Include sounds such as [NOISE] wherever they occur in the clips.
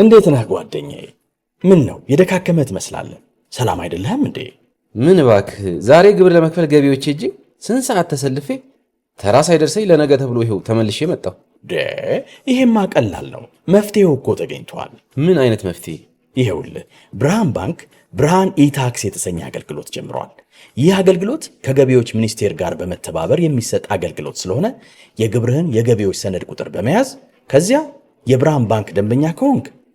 እንዴት ነህ ጓደኛዬ? ምን ነው የደካከመ ትመስላለህ። ሰላም አይደለህም እንዴ? ምን እባክህ፣ ዛሬ ግብር ለመክፈል ገቢዎች ሄጄ ስንት ሰዓት ተሰልፌ ተራ ሳይደርሰኝ ለነገ ተብሎ ይኸው ተመልሼ መጣሁ። ይሄማ ቀላል ነው፣ መፍትሄው እኮ ተገኝቷል። ምን አይነት መፍትሄ? ይኸውልህ ብርሃን ባንክ ብርሃን ኢታክስ የተሰኘ አገልግሎት ጀምሯል። ይህ አገልግሎት ከገቢዎች ሚኒስቴር ጋር በመተባበር የሚሰጥ አገልግሎት ስለሆነ የግብርህን የገቢዎች ሰነድ ቁጥር በመያዝ ከዚያ የብርሃን ባንክ ደንበኛ ከሆንክ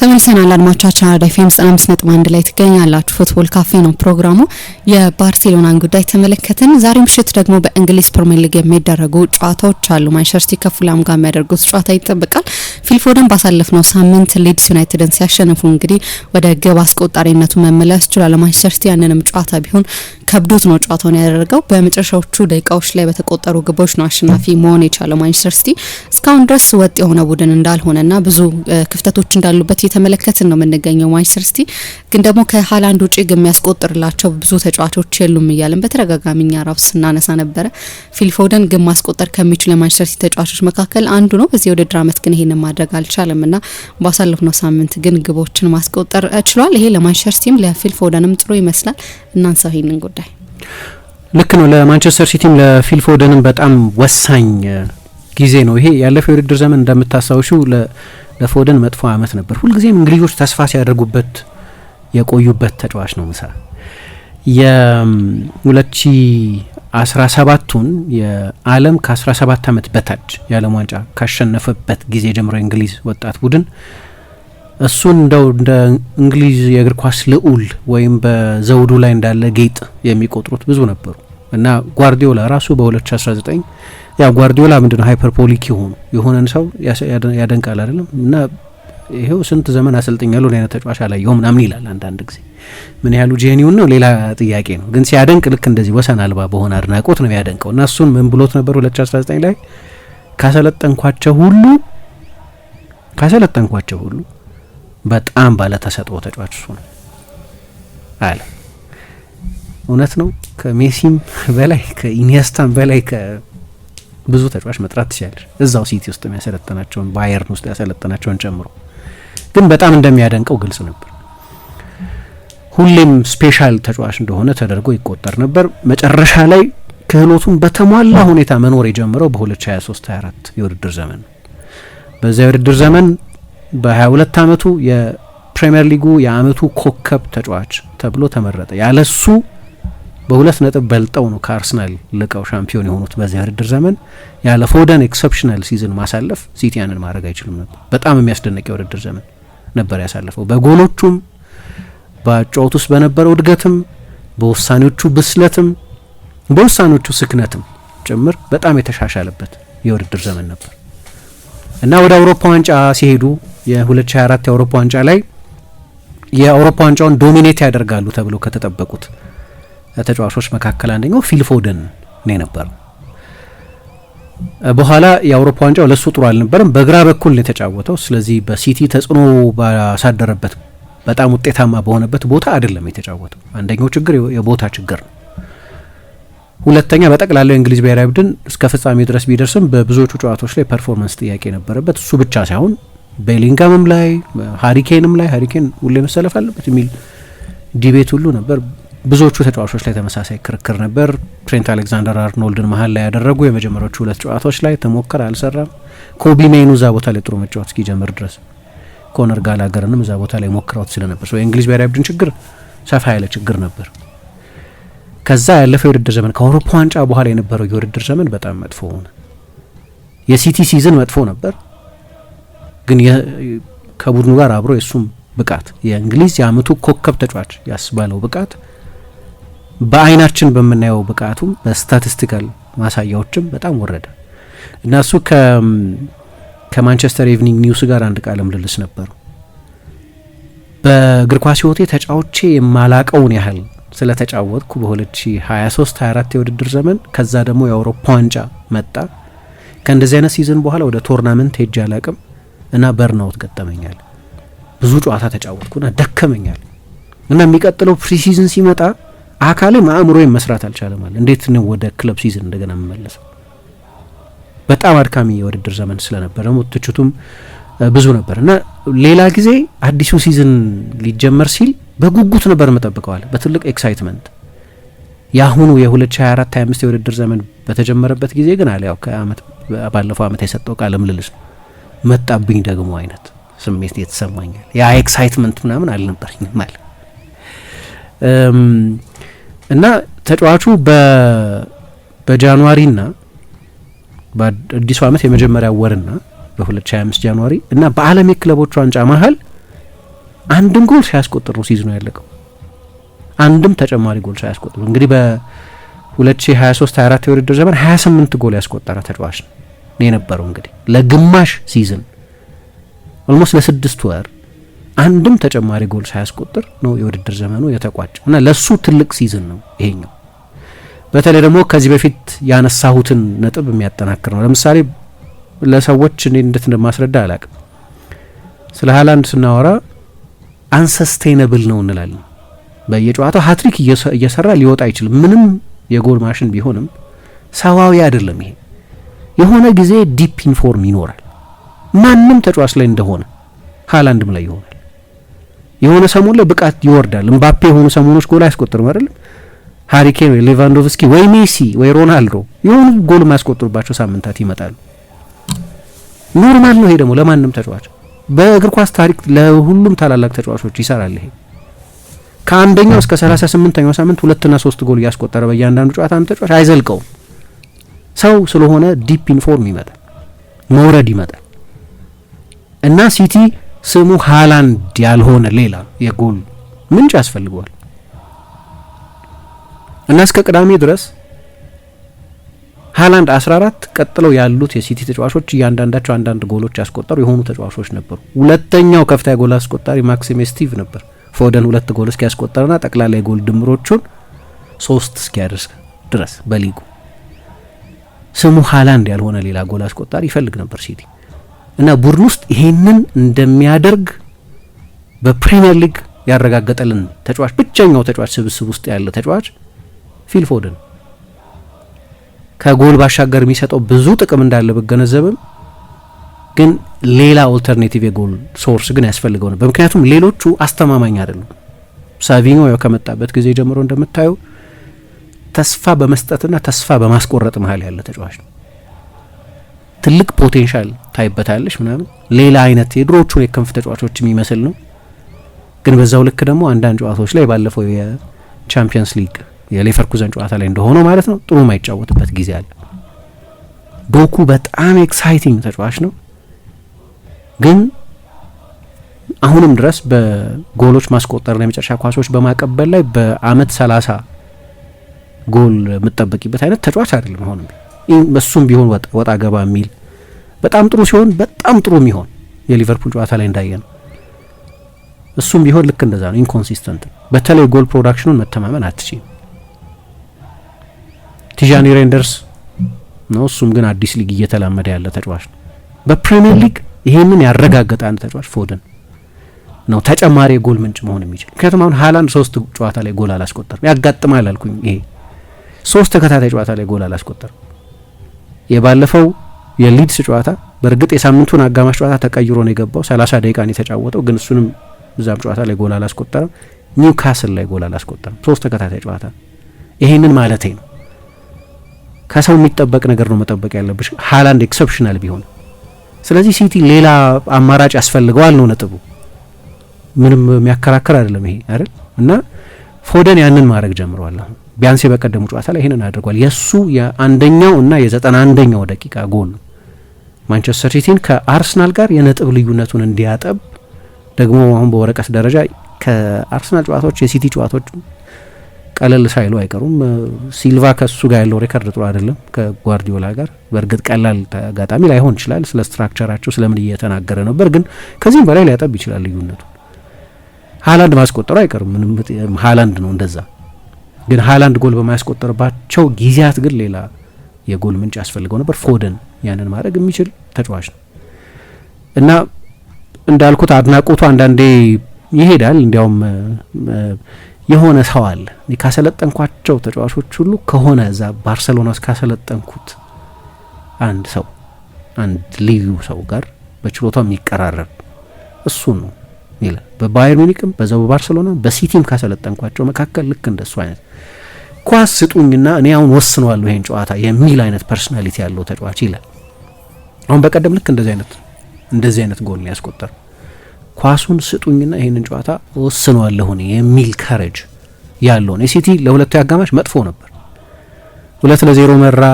ተመልሰናል አድማጮቻችን፣ አራዳ ኤፍ ኤም ዘጠና አምስት ነጥብ አንድ ላይ ትገኛላችሁ። ፉትቦል ካፌ ነው ፕሮግራሙ። የባርሴሎናን ጉዳይ ተመለከትን። ዛሬ ምሽት ደግሞ በእንግሊዝ ፕሪሚየር ሊግ የሚደረጉ ጨዋታዎች አሉ። ማንቸስተር ሲቲ ከፉላም ጋር የሚያደርጉት ጨዋታ ይጠበቃል። ፊልፎደን ባሳለፍነው ሳምንት ሊድስ ዩናይትድን ሲያሸንፉ እንግዲህ ወደ ግብ አስቆጣሪነቱ መመለስ ችሏል። ማንቸስተር ሲቲ ያንንም ጨዋታ ቢሆን ከብዶት ነው ጨዋታውን ያደረገው። በመጨረሻዎቹ ደቂቃዎች ላይ በተቆጠሩ ግቦች ነው አሸናፊ መሆን የቻለው ማንቸስተር ሲቲ እስካሁን ድረስ ወጥ የሆነ ቡድን እንዳልሆነና ብዙ ክፍተቶች እንዳሉበት እየተመለከትን ነው የምንገኘው። ማንቸስተር ሲቲ ግን ደግሞ ከሀላንድ ውጭ የሚያስቆጥርላቸው ብዙ ተጫዋቾች የሉም እያለን በተደጋጋሚ እኛ ራሱ ስናነሳ ነበረ። ፊልፎደን ግን ማስቆጠር ከሚችሉ የማንቸስተር ሲቲ ተጫዋቾች መካከል አንዱ ነው። በዚህ የውድድር ዓመት ግን ይሄንን ማድረግ አልቻለም እና ባሳለፍነው ሳምንት ግን ግቦችን ማስቆጠር ችሏል። ይሄ ለማንቸስተር ሲቲም ለፊልፎደንም ጥሩ ይመስላል። እናንሳው ይህንን ጉዳይ ልክ ነው። ለማንቸስተር ሲቲም ፎደንም በጣም ወሳኝ ጊዜ ነው ይሄ። ያለፈው የውድድር ዘመን እንደምታስታውሹ ለፎደን መጥፎ አመት ነበር። ሁልጊዜም እንግሊዞች ተስፋ ሲያደርጉበት የቆዩበት ተጫዋች ነው። ምሳ የ2017ቱን የዓለም ከ17 ዓመት በታች የዓለም ዋንጫ ካሸነፈበት ጊዜ ጀምሮ የእንግሊዝ ወጣት ቡድን እሱን እንደው እንደ እንግሊዝ የእግር ኳስ ልዑል ወይም በዘውዱ ላይ እንዳለ ጌጥ የሚቆጥሩት ብዙ ነበሩ እና ጓርዲዮላ ራሱ በ2019 ያው ጓርዲዮላ ምንድነው ነው የሆኑ የሆነን ሰው ያደንቃል አይደለም እና ይሄው ስንት ዘመን አሰልጥኝ እኔ አይነት ተጫዋች አላየሁም ምናምን ይላል። አንዳንድ ጊዜ ምን ያህሉ ጄኒውን ነው ሌላ ጥያቄ ነው፣ ግን ሲያደንቅ ልክ እንደዚህ ወሰን አልባ በሆነ አድናቆት ነው ያደንቀው እና እሱን ምን ብሎት ነበር 2019 ላይ ካሰለጠንኳቸው ሁሉ ካሰለጠንኳቸው ሁሉ በጣም ተሰጥኦ ተጫዋች እሱ ነው አለ። እውነት ነው። ከሜሲም በላይ ከኢኒየስታም በላይ ከብዙ ተጫዋች መጥራት ትችላለች። እዛው ሲቲ ውስጥ ያሰለጠናቸውን ባየርን ውስጥ ያሰለጠናቸውን ጨምሮ ግን በጣም እንደሚያደንቀው ግልጽ ነበር። ሁሌም ስፔሻል ተጫዋች እንደሆነ ተደርጎ ይቆጠር ነበር። መጨረሻ ላይ ክህሎቱን በተሟላ ሁኔታ መኖር የጀመረው በ2023/24 የውድድር ዘመን ነው። በዚያ የውድድር ዘመን በ22 ዓመቱ የፕሪምየር ሊጉ የአመቱ ኮከብ ተጫዋች ተብሎ ተመረጠ። ያለሱ በሁለት ነጥብ በልጠው ነው ከአርሰናል ልቀው ሻምፒዮን የሆኑት በዚህ ውድድር ዘመን። ያለ ፎደን ኤክሰፕሽናል ሲዝን ማሳለፍ ሲቲ ያንን ማድረግ አይችልም ነበር። በጣም የሚያስደንቅ የውድድር ዘመን ነበር ያሳለፈው። በጎሎቹም በጨዋታ ውስጥ በነበረው እድገትም በውሳኔዎቹ ብስለትም በውሳኔዎቹ ስክነትም ጭምር በጣም የተሻሻለበት የውድድር ዘመን ነበር እና ወደ አውሮፓ ዋንጫ ሲሄዱ የ2024 የአውሮፓ ዋንጫ ላይ የአውሮፓ ዋንጫውን ዶሚኔት ያደርጋሉ ተብሎ ከተጠበቁት ተጫዋቾች መካከል አንደኛው ፊልፎደን ነው የነበረው። በኋላ የአውሮፓ ዋንጫው ለሱ ጥሩ አልነበረም። በግራ በኩል ነው የተጫወተው። ስለዚህ በሲቲ ተጽዕኖ ባሳደረበት በጣም ውጤታማ በሆነበት ቦታ አይደለም የተጫወተው። አንደኛው ችግር የቦታ ችግር ነው። ሁለተኛ በጠቅላላው የእንግሊዝ ብሔራዊ ቡድን እስከ ፍጻሜ ድረስ ቢደርስም በብዙዎቹ ጨዋታዎች ላይ ፐርፎርማንስ ጥያቄ ነበረበት። እሱ ብቻ ሳይሆን ቤሊንጋምም ላይ ሀሪኬንም ላይ ሀሪኬን ሁሌ መሰለፍ አለበት የሚል ዲቤት ሁሉ ነበር። ብዙዎቹ ተጫዋቾች ላይ ተመሳሳይ ክርክር ነበር። ትሬንት አሌክዛንደር አርኖልድን መሀል ላይ ያደረጉ የመጀመሪያዎቹ ሁለት ጨዋታዎች ላይ ተሞከረ፣ አልሰራም። ኮቢ ሜኑ እዛ ቦታ ላይ ጥሩ መጫወት እስኪጀምር ድረስ ኮነር ጋላገርንም እዛ ቦታ ላይ ሞክረውት ስለነበር የእንግሊዝ ብሔራዊ ቡድን ችግር ሰፋ ያለ ችግር ነበር። ከዛ ያለፈው የውድድር ዘመን ከአውሮፓ ዋንጫ በኋላ የነበረው የውድድር ዘመን በጣም መጥፎ ሆነ። የሲቲ ሲዝን መጥፎ ነበር። ግን ከቡድኑ ጋር አብሮ የእሱም ብቃት የእንግሊዝ የአመቱ ኮከብ ተጫዋች ያስባለው ብቃት በአይናችን በምናየው ብቃቱም በስታቲስቲካል ማሳያዎችም በጣም ወረደ እና እሱ ከማንቸስተር ኢቭኒንግ ኒውስ ጋር አንድ ቃለ ምልልስ ነበሩ። በእግር ኳስ ህይወቴ ተጫዋቼ የማላቀውን ያህል ስለተጫወትኩ በ2023 24 የውድድር ዘመን ከዛ ደግሞ የአውሮፓ ዋንጫ መጣ። ከእንደዚህ አይነት ሲዝን በኋላ ወደ ቶርናመንት ሄጄ አላቅም። እና በርናውት ገጠመኛል። ብዙ ጨዋታ ተጫወትኩና ደከመኛል እና የሚቀጥለው ፕሪሲዝን ሲመጣ አካሌም አእምሮዬም መስራት አለ። እንዴት ነው ወደ ክለብ ሲዝን እንደገና የምመለሰው? በጣም አድካሚ የውድድር ዘመን ስለነበረ ደግሞ ትችቱም ብዙ ነበር እና ሌላ ጊዜ አዲሱ ሲዝን ሊጀመር ሲል በጉጉት ነበር የምጠብቀዋል፣ በትልቅ ኤክሳይትመንት። የአሁኑ የ2024/25 የውድድር ዘመን በተጀመረበት ጊዜ ግን አለ ያው ከአመት ባለፈው አመት የሰጠው ቃለ ምልልስ ነው። መጣብኝ ደግሞ አይነት ስሜት የተሰማኛል። ያ ኤክሳይትመንት ምናምን አልነበረኝም አለ እና ተጫዋቹ በጃንዋሪና በአዲሱ ዓመት የመጀመሪያ ወርና በ2025 ጃንዋሪ እና በዓለም የክለቦች ዋንጫ መሀል አንድም ጎል ሳያስቆጥሩ ሲዝኑ ያለቀው። አንድም ተጨማሪ ጎል ሳያስቆጥሩ እንግዲህ በ2023 24 የውድድር ዘመን 28 ጎል ያስቆጠረ ተጫዋች ነው። ነው የነበረው። እንግዲህ ለግማሽ ሲዝን ኦልሞስት ለስድስት ወር አንድም ተጨማሪ ጎል ሳያስቆጥር ነው የውድድር ዘመኑ የተቋጨው እና ለሱ ትልቅ ሲዝን ነው ይሄኛው። በተለይ ደግሞ ከዚህ በፊት ያነሳሁትን ነጥብ የሚያጠናክር ነው። ለምሳሌ ለሰዎች እኔ እንዴት እንደማስረዳ አላቅም። ስለ ሀላንድ ስናወራ አንሰስቴነብል ነው እንላለን። በየጨዋታው ሀትሪክ እየሰራ ሊወጣ አይችልም። ምንም የጎል ማሽን ቢሆንም ሰዋዊ አይደለም ይሄ የሆነ ጊዜ ዲፕ ኢንፎርም ይኖራል። ማንም ተጫዋች ላይ እንደሆነ ሀላንድም ላይ ይሆናል። የሆነ ሰሞን ላይ ብቃት ይወርዳል። እምባፔ የሆኑ ሰሞኖች ጎል አያስቆጥርም አይደለም። ሀሪኬን ወይ ሌቫንዶቭስኪ ወይ ሜሲ ወይ ሮናልዶ የሆኑ ጎል የማያስቆጥሩባቸው ሳምንታት ይመጣሉ። ኖርማል ነው ይሄ ደግሞ ለማንም ተጫዋች በእግር ኳስ ታሪክ ለሁሉም ታላላቅ ተጫዋቾች ይሰራል። ይሄ ከአንደኛው እስከ ሰላሳ ስምንተኛው ሳምንት ሁለትና ሶስት ጎል እያስቆጠረ በእያንዳንዱ ጨዋታ አንድ ተጫዋች አይዘልቀውም። ሰው ስለሆነ ዲፕ ኢንፎርም ይመጣል፣ መውረድ ይመጣል እና ሲቲ ስሙ ሃላንድ ያልሆነ ሌላ የጎል ምንጭ ያስፈልገዋል እና እስከ ቅዳሜ ድረስ ሃላንድ 14 ቀጥለው ያሉት የሲቲ ተጫዋቾች እያንዳንዳቸው አንዳንድ ጎሎች ያስቆጠሩ የሆኑ ተጫዋቾች ነበሩ። ሁለተኛው ከፍታ ጎል አስቆጣሪ ማክሲም ስቲቭ ነበር ፎደን ሁለት ጎል እስኪያስቆጠርና ጠቅላላ የጎል ድምሮቹን ሶስት እስኪያደርስ ድረስ በሊጉ ስሙ ሀላንድ ያልሆነ ሌላ ጎል አስቆጣሪ ይፈልግ ነበር ሲቲ እና ቡድን ውስጥ ይሄንን እንደሚያደርግ በፕሪሚየር ሊግ ያረጋገጠልን ተጫዋች ብቸኛው ተጫዋች ስብስብ ውስጥ ያለ ተጫዋች ፊል ፎደን ከጎል ባሻገር የሚሰጠው ብዙ ጥቅም እንዳለ ብገነዘብም ግን ሌላ ኦልተርኔቲቭ የጎል ሶርስ ግን ያስፈልገው ነበር። ምክንያቱም ሌሎቹ አስተማማኝ አይደሉም። ሳቪኞ ያው ከመጣበት ጊዜ ጀምሮ እንደምታየው ተስፋ በመስጠትና ተስፋ በማስቆረጥ መሀል ያለ ተጫዋች ነው። ትልቅ ፖቴንሻል ታይበታለች ምናምን ሌላ አይነት የድሮዎቹን የክንፍ ተጫዋቾች የሚመስል ነው። ግን በዛው ልክ ደግሞ አንዳንድ ጨዋታዎች ላይ ባለፈው የቻምፒየንስ ሊግ የሌቨርኩዘን ጨዋታ ላይ እንደሆነው ማለት ነው ጥሩ የማይጫወትበት ጊዜ አለ። ዶኩ በጣም ኤክሳይቲንግ ተጫዋች ነው። ግን አሁንም ድረስ በጎሎች ማስቆጠርና የመጨረሻ ኳሶች በማቀበል ላይ በአመት ሰላሳ ጎል የምጠበቂበት አይነት ተጫዋች አይደለም። አሁንም እሱም ቢሆን ወጣ ገባ የሚል በጣም ጥሩ ሲሆን በጣም ጥሩ የሚሆን የሊቨርፑል ጨዋታ ላይ እንዳየ ነው። እሱም ቢሆን ልክ እንደዛ ነው፣ ኢንኮንሲስተንት። በተለይ ጎል ፕሮዳክሽኑን መተማመን አትችም። ቲዣኒ ሬንደርስ ነው። እሱም ግን አዲስ ሊግ እየተላመደ ያለ ተጫዋች ነው። በፕሪሚየር ሊግ ይሄንን ያረጋገጠ አንድ ተጫዋች ፎደን ነው ተጨማሪ የጎል ምንጭ መሆን የሚችል ምክንያቱም አሁን ሀላንድ ሶስት ጨዋታ ላይ ጎል አላስቆጠርም። ያጋጥማል አልኩኝ ይሄ ሶስት ተከታታይ ጨዋታ ላይ ጎል አላስቆጠርም። የባለፈው የሊድስ ጨዋታ በእርግጥ የሳምንቱን አጋማሽ ጨዋታ ተቀይሮ ነው የገባው። 30 ነው የተጫወተው ግን እሱንም እዛም ጨዋታ ላይ ጎል አላስቆጠረም። ኒውካስል ላይ ጎል አላስቆጠረም። ሶስት ተከታታይ ጨዋታ ይሄንን ማለቴ ነው። ከሰው የሚጠበቅ ነገር ነው መጠበቅ ያለብሽ፣ ሃላንድ ኤክሰፕሽናል ቢሆን። ስለዚህ ሲቲ ሌላ አማራጭ ያስፈልገዋል ነው ነጥቡ። ምንም የሚያከራክር አይደለም ይሄ አይደል እና ፎደን ያንን ማድረግ ጀምሯል አሁን ቢያንስ በቀደሙ ጨዋታ ላይ ይህንን አድርጓል። የእሱ የአንደኛው እና የዘጠና አንደኛው ደቂቃ ጎል ማንቸስተር ሲቲን ከአርሰናል ጋር የነጥብ ልዩነቱን እንዲያጠብ ደግሞ አሁን በወረቀት ደረጃ ከአርሰናል ጨዋታዎች የሲቲ ጨዋታዎች ቀለል ሳይሉ አይቀሩም። ሲልቫ ከሱ ጋር ያለው ሬከርድ ጥሩ አይደለም ከጓርዲዮላ ጋር። በእርግጥ ቀላል ተጋጣሚ ላይሆን ይችላል። ስለ ስትራክቸራቸው ስለምን እየተናገረ ነበር፣ ግን ከዚህም በላይ ሊያጠብ ይችላል ልዩነቱ። ሀላንድ ማስቆጠሩ አይቀርም ምንም። ሀላንድ ነው እንደዛ ግን ሀላንድ ጎል በማያስቆጠርባቸው ጊዜያት ግን ሌላ የጎል ምንጭ ያስፈልገው ነበር። ፎደን ያንን ማድረግ የሚችል ተጫዋች ነው እና እንዳልኩት አድናቆቱ አንዳንዴ ይሄዳል። እንዲያውም የሆነ ሰው አለ ካሰለጠንኳቸው ተጫዋቾች ሁሉ ከሆነ እዛ ባርሰሎና ውስጥ ካሰለጠንኩት አንድ ሰው አንድ ልዩ ሰው ጋር በችሎታው የሚቀራረብ እሱ ነው ይላል። በባየር ሙኒክም በዛው በባርሴሎና በሲቲም ካሰለጠንኳቸው መካከል ልክ እንደሱ አይነት ኳስ ስጡኝና እኔ አሁን ወስነዋለሁ ይሄን ጨዋታ የሚል አይነት ፐርሶናሊቲ ያለው ተጫዋች ይላል። አሁን በቀደም ልክ እንደዚህ አይነት እንደዚህ አይነት ጎል ነው ያስቆጠር። ኳሱን ስጡኝና ይህንን ጨዋታ ወስነዋለሁ እኔ የሚል ካረጅ ያለው ነው። ሲቲ ለሁለቱ አጋማሽ መጥፎ ነበር። ሁለት ለዜሮ መራ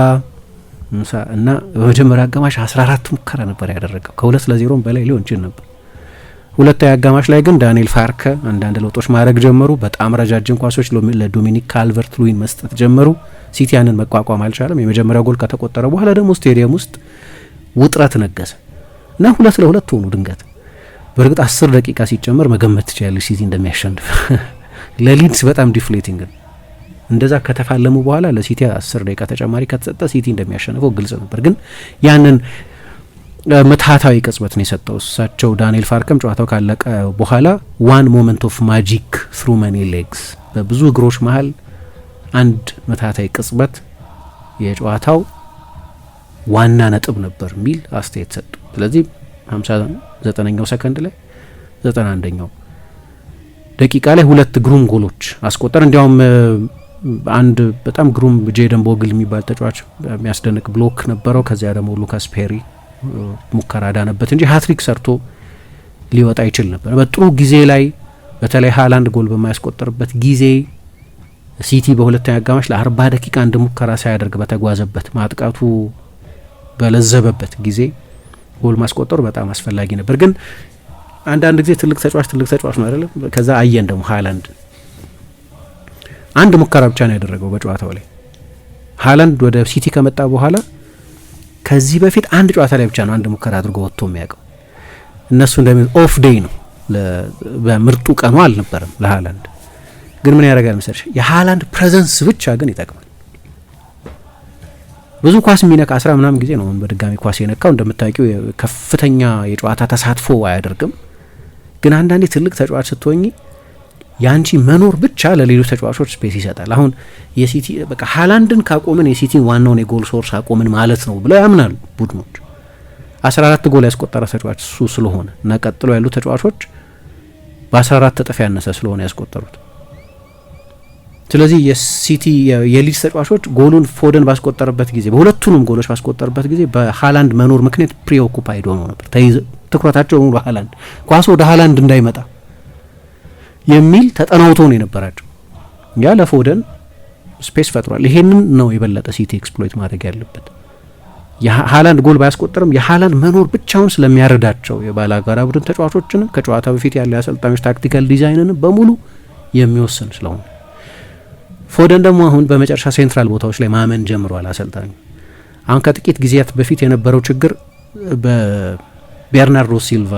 እና በመጀመሪያ አጋማሽ አስራ አራት ሙከራ ነበር ያደረገው። ከሁለት ለዜሮም በላይ ሊሆን ይችል ነበር። ሁለተኛ አጋማሽ ላይ ግን ዳንኤል ፋርከ አንዳንድ ለውጦች ማድረግ ጀመሩ። በጣም ረጃጅም ኳሶች ለዶሚኒክ ካልቨርት ሉዊን መስጠት ጀመሩ። ሲቲ ያንን መቋቋም አልቻለም። የመጀመሪያው ጎል ከተቆጠረ በኋላ ደግሞ ስቴዲየም ውስጥ ውጥረት ነገሰ እና ሁለት ለሁለት ሆኑ። ድንገት በእርግጥ አስር ደቂቃ ሲጨመር መገመት ትችላለች ሲቲ እንደሚያሸንፍ። [LAUGHS] ለሊድስ በጣም ዲፍሌቲንግ ነው። እንደዛ ከተፋለሙ በኋላ ለሲቲ አስር ደቂቃ ተጨማሪ ከተሰጠ ሲቲ እንደሚያሸንፈው ግልጽ ነበር ግን ያንን ምትሃታዊ ቅጽበት ነው የሰጠው እሳቸው። ዳንኤል ፋርከም ጨዋታው ካለቀ በኋላ ዋን ሞመንት ኦፍ ማጂክ ትሩ መኒ ሌግስ፣ በብዙ እግሮች መሀል አንድ ምትሃታዊ ቅጽበት የጨዋታው ዋና ነጥብ ነበር የሚል አስተያየት ሰጡ። ስለዚህ 59ኛው ሰከንድ ላይ 91ኛው ደቂቃ ላይ ሁለት ግሩም ጎሎች አስቆጠር። እንዲያውም አንድ በጣም ግሩም ጄደን ቦግል የሚባል ተጫዋች የሚያስደንቅ ብሎክ ነበረው። ከዚያ ደግሞ ሉካስ ፔሪ ሙከራ ዳነበት እንጂ ሀትሪክ ሰርቶ ሊወጣ ይችል ነበር። በጥሩ ጊዜ ላይ በተለይ ሀላንድ ጎል በማያስቆጠርበት ጊዜ ሲቲ በሁለተኛ አጋማሽ ለአርባ ደቂቃ አንድ ሙከራ ሳያደርግ በተጓዘበት ማጥቃቱ በለዘበበት ጊዜ ጎል ማስቆጠሩ በጣም አስፈላጊ ነበር። ግን አንዳንድ ጊዜ ትልቅ ተጫዋች ትልቅ ተጫዋች ነው አይደለም። ከዛ አየን ደግሞ ሀላንድ አንድ ሙከራ ብቻ ነው ያደረገው በጨዋታው ላይ ሀላንድ ወደ ሲቲ ከመጣ በኋላ ከዚህ በፊት አንድ ጨዋታ ላይ ብቻ ነው አንድ ሙከራ አድርጎ ወጥቶ የሚያውቀው። እነሱ እንደሚ ኦፍ ዴይ ነው፣ በምርጡ ቀኑ አልነበረም ለሃላንድ። ግን ምን ያደርጋል መሰለሽ የሃላንድ ፕሬዘንስ ብቻ ግን ይጠቅማል። ብዙ ኳስ የሚነካ አስራ ምናምን ጊዜ ነው በድጋሚ ኳስ የነካው። እንደምታውቂው ከፍተኛ የጨዋታ ተሳትፎ አያደርግም። ግን አንዳንዴ ትልቅ ተጫዋች ስትሆኝ የአንቺ መኖር ብቻ ለሌሎች ተጫዋቾች ስፔስ ይሰጣል። አሁን የሲቲ በቃ ሃላንድን ካቆምን የሲቲን ዋናውን የጎል ሶርስ አቆምን ማለት ነው ብለው ያምናሉ ቡድኖች። 14 ጎል ያስቆጠረ ተጫዋች እሱ ስለሆነ እና ቀጥሎ ያሉ ተጫዋቾች በ14 እጥፍ ያነሰ ስለሆነ ያስቆጠሩት። ስለዚህ የሲቲ የሊድስ ተጫዋቾች ጎሉን ፎደን ባስቆጠረበት ጊዜ በሁለቱንም ጎሎች ባስቆጠረበት ጊዜ በሃላንድ መኖር ምክንያት ፕሪኦኩፓይድ ሆኖ ነበር። ትኩረታቸው ሙሉ ሃላንድ ኳስ ወደ ሃላንድ እንዳይመጣ የሚል ተጠናውቶ ነው የነበራቸው። ያ ለፎደን ስፔስ ፈጥሯል። ይሄንን ነው የበለጠ ሲቲ ኤክስፕሎይት ማድረግ ያለበት። የሀላንድ ጎል ባያስቆጠርም የሀላንድ መኖር ብቻውን ስለሚያረዳቸው የባላጋራ ቡድን ተጫዋቾችንም ከጨዋታ በፊት ያለ የአሰልጣኞች ታክቲካል ዲዛይንን በሙሉ የሚወስን ስለሆነ ፎደን ደግሞ አሁን በመጨረሻ ሴንትራል ቦታዎች ላይ ማመን ጀምሯል አሰልጣኙ። አሁን ከጥቂት ጊዜያት በፊት የነበረው ችግር ቤርናርዶ ሲልቫ፣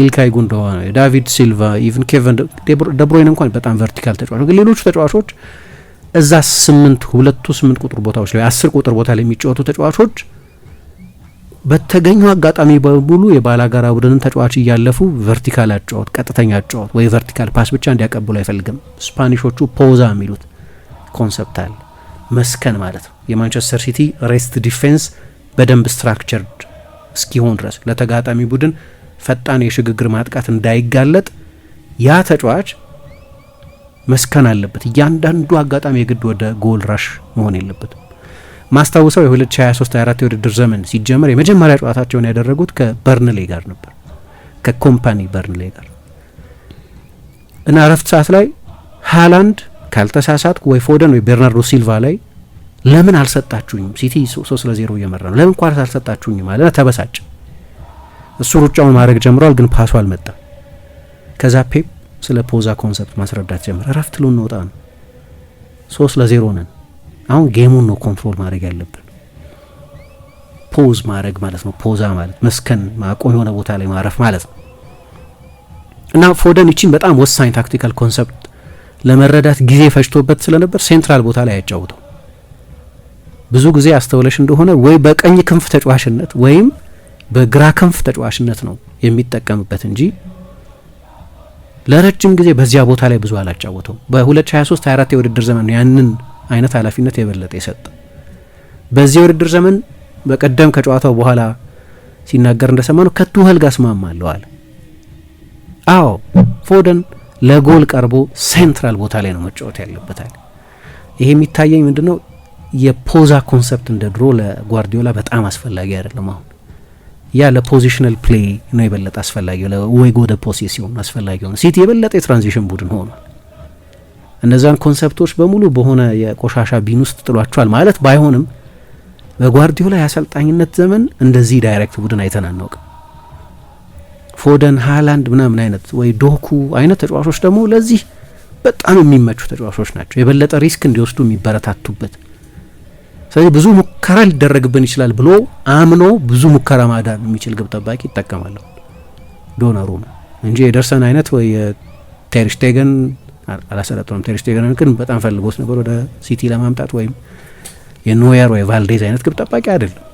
ኢልካይ ጉንዶዋን፣ ዳቪድ ሲልቫ፣ ኢቭን ኬቨን ደብሮይን እንኳን በጣም ቨርቲካል ተጫዋች፣ ግን ሌሎቹ ተጫዋቾች እዛ ስምንት ሁለቱ ስምንት ቁጥር ቦታዎች ላይ አስር ቁጥር ቦታ ላይ የሚጫወቱ ተጫዋቾች በተገኙ አጋጣሚ በሙሉ የባላጋራ ቡድንን ተጫዋች እያለፉ ቨርቲካል አጫወት፣ ቀጥተኛ አጫወት ወይ ቨርቲካል ፓስ ብቻ እንዲያቀብሉ አይፈልግም። ስፓኒሾቹ ፖዛ የሚሉት ኮንሰፕት አለ፣ መስከን ማለት ነው። የማንቸስተር ሲቲ ሬስት ዲፌንስ በደንብ ስትራክቸርድ እስኪሆን ድረስ ለተጋጣሚ ቡድን ፈጣን የሽግግር ማጥቃት እንዳይጋለጥ ያ ተጫዋች መስከን አለበት። እያንዳንዱ አጋጣሚ የግድ ወደ ጎል ራሽ መሆን የለበትም። ማስታውሰው የ2023/24 የውድድር ዘመን ሲጀመር የመጀመሪያ ጨዋታቸውን ያደረጉት ከበርንሌ ጋር ነበር፣ ከኮምፓኒ በርንሌ ጋር እና እረፍት ሰዓት ላይ ሃላንድ ካልተሳሳትኩ ወይ ፎደን ወይ ቤርናርዶ ሲልቫ ላይ ለምን አልሰጣችሁኝም? ሲቲ ሶስት ለዜሮ እየመራ ነው፣ ለምን ኳስ አልሰጣችሁኝም? አለ ተበሳጭ። እሱ ሩጫውን ማድረግ ጀምሯል፣ ግን ፓሱ አልመጣም። ከዛ ፔፕ ስለ ፖዛ ኮንሰፕት ማስረዳት ጀምረ። እረፍት ልንወጣ ነው፣ ሶስት ለዜሮ ነን። አሁን ጌሙን ነው ኮንትሮል ማድረግ ያለብን። ፖዝ ማድረግ ማለት ነው። ፖዛ ማለት መስከን፣ ማቆም፣ የሆነ ቦታ ላይ ማረፍ ማለት ነው። እና ፎደን ይችን በጣም ወሳኝ ታክቲካል ኮንሰፕት ለመረዳት ጊዜ ፈጅቶበት ስለነበር ሴንትራል ቦታ ላይ ያጫውተው ብዙ ጊዜ አስተውለሽ እንደሆነ ወይ በቀኝ ክንፍ ተጫዋችነት ወይም በግራ ክንፍ ተጫዋችነት ነው የሚጠቀምበት እንጂ ለረጅም ጊዜ በዚያ ቦታ ላይ ብዙ አላጫወተው። በ2023 24 የውድድር ዘመን ያንን አይነት ኃላፊነት የበለጠ የሰጠ በዚህ የውድድር ዘመን በቀደም ከጨዋታው በኋላ ሲናገር ከቱ ከቱኸል ጋር እስማማለሁ አለ። አዎ ፎደን ለጎል ቀርቦ ሴንትራል ቦታ ላይ ነው መጫወት ያለበታል። ይሄ የሚታየኝ ምንድነው የፖዛ ኮንሰፕት እንደ ድሮ ለጓርዲዮላ በጣም አስፈላጊ አይደለም። አሁን ያ ለፖዚሽናል ፕሌይ ነው የበለጠ አስፈላጊው፣ ለወይጎ ደ ፖሴሲዮን አስፈላጊ ሆነ። ሲቲ የበለጠ የትራንዚሽን ቡድን ሆኗል። እነዛን ኮንሰፕቶች በሙሉ በሆነ የቆሻሻ ቢን ውስጥ ጥሏቸዋል ማለት ባይሆንም በጓርዲዮላ የአሰልጣኝነት ዘመን እንደዚህ ዳይሬክት ቡድን አይተናናውቅ ፎደን፣ ሃላንድ ምናምን አይነት ወይ ዶኩ አይነት ተጫዋቾች ደግሞ ለዚህ በጣም የሚመቹ ተጫዋቾች ናቸው። የበለጠ ሪስክ እንዲወስዱ የሚበረታቱበት ስለዚህ ብዙ ሙከራ ሊደረግብን ይችላል ብሎ አምኖ ብዙ ሙከራ ማዳን የሚችል ግብ ጠባቂ ይጠቀማለሁ ነው እንጂ የደርሰን አይነት ወይ የቴርሽቴገን አላሰለጥነም። ቴርሽቴገን ግን በጣም ፈልጎት ነበር ወደ ሲቲ ለማምጣት ወይም የኖየር ወይ ቫልዴዝ አይነት ግብ ጠባቂ አይደለም።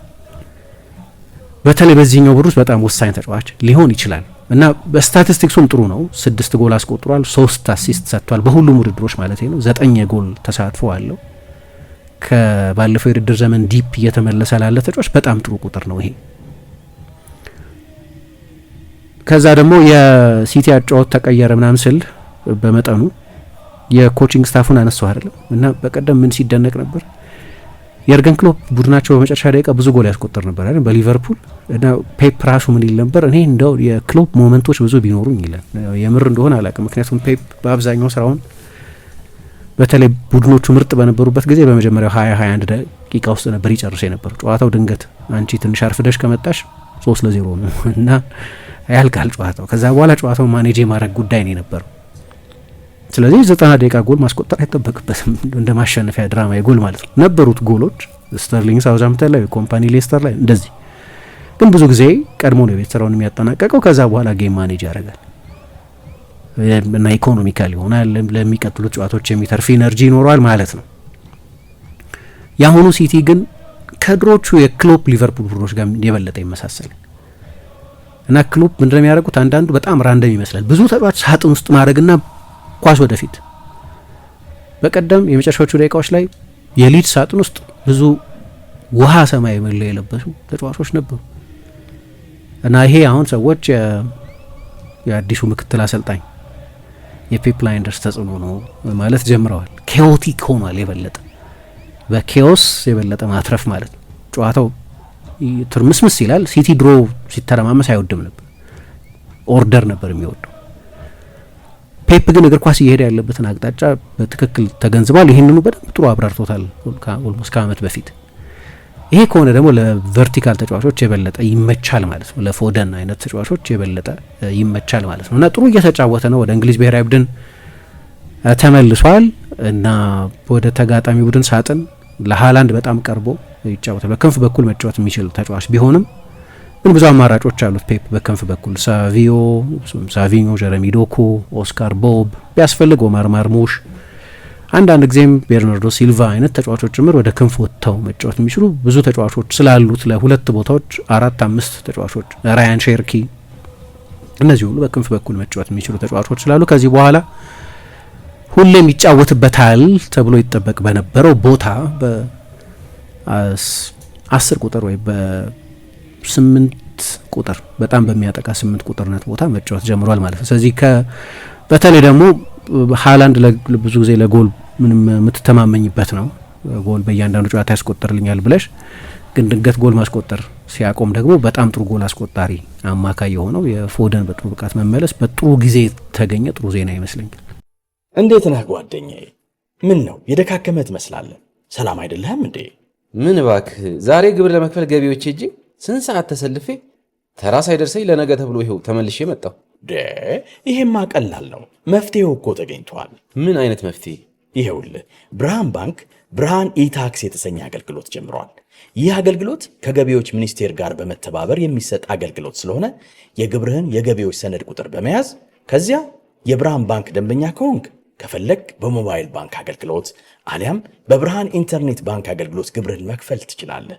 በተለይ በዚህኛው ብሩስ በጣም ወሳኝ ተጫዋች ሊሆን ይችላል እና በስታቲስቲክሱም ጥሩ ነው። ስድስት ጎል አስቆጥሯል፣ ሶስት አሲስት ሰጥቷል፣ በሁሉም ውድድሮች ማለት ነው። ዘጠኝ የጎል ተሳትፎ አለው። ከባለፈው የውድድር ዘመን ዲፕ እየተመለሰ ላለ ተጫዋች በጣም ጥሩ ቁጥር ነው ይሄ። ከዛ ደግሞ የሲቲ አጫወት ተቀየረ ምናምን ስል በመጠኑ የኮቺንግ ስታፉን አነሳው አይደለም እና በቀደም ምን ሲደነቅ ነበር የርገን ክሎፕ ቡድናቸው በመጨረሻ ደቂቃ ብዙ ጎል ያስቆጠር ነበር አይደል በሊቨርፑል እና ፔፕ ራሱ ምን ይል ነበር እኔ እንደው የክሎፕ ሞመንቶች ብዙ ቢኖሩኝ ይላል የምር እንደሆነ አላውቅም ምክንያቱም ፔፕ በአብዛኛው ስራውን በተለይ ቡድኖቹ ምርጥ በነበሩበት ጊዜ በመጀመሪያው ሀያ ሀያ አንድ ደቂቃ ውስጥ ነበር ይጨርስ የነበረው ጨዋታው። ድንገት አንቺ ትንሽ አርፍደሽ ከመጣሽ ሶስት ለዜሮ ነው [LAUGHS] እና ያልቃል ጨዋታው። ከዛ በኋላ ጨዋታው ማኔጅ የማድረግ ጉዳይ ነው የነበረው። ስለዚህ ዘጠና ደቂቃ ጎል ማስቆጠር አይጠበቅበትም [LAUGHS] እንደ ማሸነፊያ ድራማ የጎል ማለት ነው። ነበሩት ጎሎች ስተርሊንግ ሳውዛምተን ላይ፣ ኮምፓኒ ሌስተር ላይ እንደዚህ ግን ብዙ ጊዜ ቀድሞ ነው የቤት ስራውን የሚያጠናቀቀው። ከዛ በኋላ ጌም ማኔጅ ያደርጋል። እና ኢኮኖሚካል ይሆናል። ለሚቀጥሉት ጨዋታዎች የሚተርፍ ኢነርጂ ይኖረዋል ማለት ነው። የአሁኑ ሲቲ ግን ከድሮቹ የክሎፕ ሊቨርፑል ቡድኖች ጋር የበለጠ ይመሳሰል እና ክሎፕ ምንድን ነው የሚያደርጉት? አንዳንዱ በጣም ራንደም ይመስላል። ብዙ ተጫዋች ሳጥን ውስጥ ማድረግና ኳስ ወደፊት። በቀደም የመጨረሻዎቹ ደቂቃዎች ላይ የሊድ ሳጥን ውስጥ ብዙ ውሃ ሰማይ መለያ የለበሱ ተጫዋቾች ነበሩ እና ይሄ አሁን ሰዎች የአዲሱ ምክትል አሰልጣኝ የፔፕ ላይንደርስ ተጽዕኖ ነው ማለት ጀምረዋል። ኬዎቲክ ሆኗል። የበለጠ በኬዎስ የበለጠ ማትረፍ ማለት ነው። ጨዋታው ትርምስምስ ይላል። ሲቲ ድሮ ሲተረማመስ አይወድም ነበር፣ ኦርደር ነበር የሚወደው። ፔፕ ግን እግር ኳስ እየሄደ ያለበትን አቅጣጫ በትክክል ተገንዝቧል። ይህንኑ በደንብ ጥሩ አብራርቶታል ኦልሞስ ከአመት በፊት ይሄ ከሆነ ደግሞ ለቨርቲካል ተጫዋቾች የበለጠ ይመቻል ማለት ነው። ለፎደን አይነት ተጫዋቾች የበለጠ ይመቻል ማለት ነው እና ጥሩ እየተጫወተ ነው። ወደ እንግሊዝ ብሔራዊ ቡድን ተመልሷል እና ወደ ተጋጣሚ ቡድን ሳጥን ለሃላንድ በጣም ቀርቦ ይጫወታል። በክንፍ በኩል መጫወት የሚችል ተጫዋች ቢሆንም ግን ብዙ አማራጮች አሉት ፔፕ በክንፍ በኩል ሳቪዮ፣ ሳቪኞ፣ ጀረሚ ዶኩ፣ ኦስካር ቦብ ቢያስፈልግ ኦማር ማርሙሽ አንዳንድ ጊዜም ቤርናርዶ ሲልቫ አይነት ተጫዋቾች ጭምር ወደ ክንፍ ወጥተው መጫወት የሚችሉ ብዙ ተጫዋቾች ስላሉት ለሁለት ቦታዎች አራት አምስት ተጫዋቾች ራያን ሼርኪ እነዚህ ሁሉ በክንፍ በኩል መጫወት የሚችሉ ተጫዋቾች ስላሉ ከዚህ በኋላ ሁሌም ይጫወትበታል ተብሎ ይጠበቅ በነበረው ቦታ በአስር ቁጥር ወይ በስምንት ቁጥር በጣም በሚያጠቃ ስምንት ቁጥርነት ቦታ መጫወት ጀምሯል ማለት ነው። ስለዚህ በተለይ ደግሞ ሀላንድ ብዙ ጊዜ ለጎል ምንም የምትተማመኝበት ነው። ጎል በእያንዳንዱ ጨዋታ ያስቆጠርልኛል ብለሽ ግን ድንገት ጎል ማስቆጠር ሲያቆም ደግሞ በጣም ጥሩ ጎል አስቆጣሪ አማካይ የሆነው የፎደን በጥሩ ብቃት መመለስ በጥሩ ጊዜ ተገኘ ጥሩ ዜና ይመስለኛል። እንዴት ነህ ጓደኛዬ? ምን ነው የደካከመ ትመስላለህ። ሰላም አይደለህም እንዴ? ምን እባክህ፣ ዛሬ ግብር ለመክፈል ገቢዎች እጅ ስንት ሰዓት ተሰልፌ ተራ ሳይደርሰኝ ለነገ ተብሎ ይኸው ተመልሼ መጣሁ። ይሄማ ቀላል ነው። መፍትሄው እኮ ተገኝቷል። ምን አይነት መፍትሄ? ይሄውልህ ብርሃን ባንክ ብርሃን ኢታክስ የተሰኘ አገልግሎት ጀምሯል። ይህ አገልግሎት ከገቢዎች ሚኒስቴር ጋር በመተባበር የሚሰጥ አገልግሎት ስለሆነ የግብርህን የገቢዎች ሰነድ ቁጥር በመያዝ ከዚያ የብርሃን ባንክ ደንበኛ ከሆንክ ከፈለግ በሞባይል ባንክ አገልግሎት አሊያም በብርሃን ኢንተርኔት ባንክ አገልግሎት ግብርህን መክፈል ትችላለህ።